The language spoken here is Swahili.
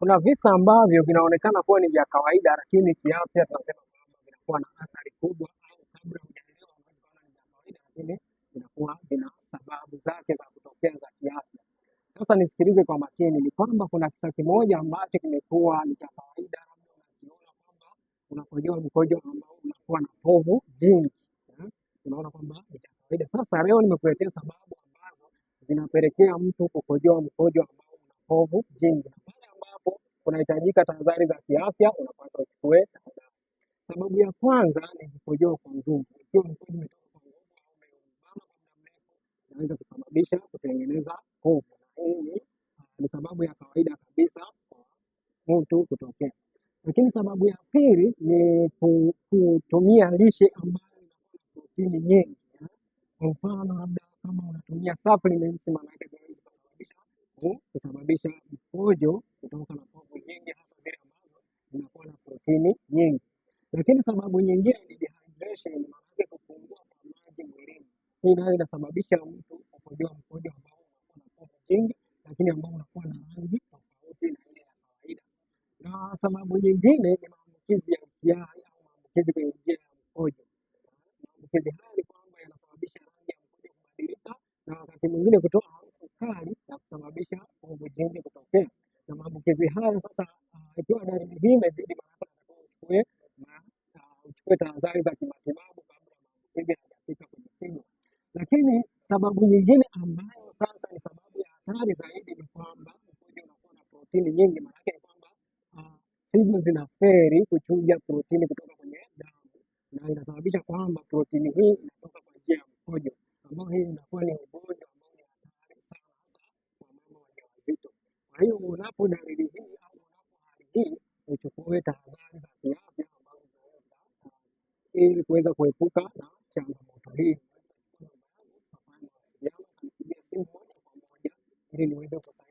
Kuna visa ambavyo vinaonekana kuwa ni vya kawaida, lakini kiafya tunasema kwamba vinakuwa na athari kubwa, au kabla hujaelewa unaweza kuona ni vya kawaida, lakini vinakuwa vina sababu zake za kutokea za kiafya. Sasa nisikilize kwa makini, ni kwamba kuna kisa kimoja ambacho kimekuwa ni cha kawaida, labda unakiona kwamba unakojoa mkojo ambao unakuwa na povu jingi, eh, unaona kwamba ni cha kawaida. Sasa leo nimekuletea sababu ambazo zinapelekea mtu kukojoa mkojo ambao una povu jingi kunahitajika tahadhari za kiafya, unapaswa uchukue tahadhari. Sababu ya kwanza ni kukojoa kwa nguvu. Ikiwa mkojo umetoka kwa nguvu au umeubana kwa muda mrefu, inaweza kusababisha kutengeneza kovu, na hii ah, ni sababu ya kawaida kabisa kwa mtu kutokea. Lakini sababu ya pili ni kutumia lishe ambayo ina protini nyingi. Kwa mfano labda kama unatumia supplements, maana maanake zinaweza kusababisha mkojo kutoka protini nyingi. Lakini sababu nyingine ni dehydration, maanake kupungua kwa maji mwilini. Hii nayo inasababisha mtu kukojoa mkojo ambao unakuwa na povu jingi, lakini ambao unakuwa na rangi tofauti na ile ya kawaida. Na sababu nyingine ni maambukizi ya UTI au maambukizi kwenye njia ya mkojo. Maambukizi haya ni kwamba yanasababisha rangi ya mkojo kubadilika na wakati mwingine kutoa harufu kali na kusababisha povu jingi kutokea. Na maambukizi haya sasa, ah, ikiwa dalili hii imezidi mara uchukue na uchukue tahadhari za kimatibabu kabla maambukizi hayajafika kwenye figo. Lakini sababu nyingine ambayo sasa ni sababu ya hatari zaidi ni kwamba mkojo unakuwa na protini nyingi, maanake ni kwamba ah, figo zina zinaferi kuchuja protini kutoka kwenye damu na inasababisha kwamba protini hii inatoka kwa njia ya mkojo, ambao hii inakuwa ni ugonjwa ambao ni hatari sana hasa kwa mama wajawazito. Kwa hiyo unapo dalili hii au unapo hali hii uchukue tahadhari za kiafya ambazo zinaweza ili kuweza kuepuka na changamoto hii. Mawasiliano, kanipigia simu moja kwa moja ili niweze kusaidia.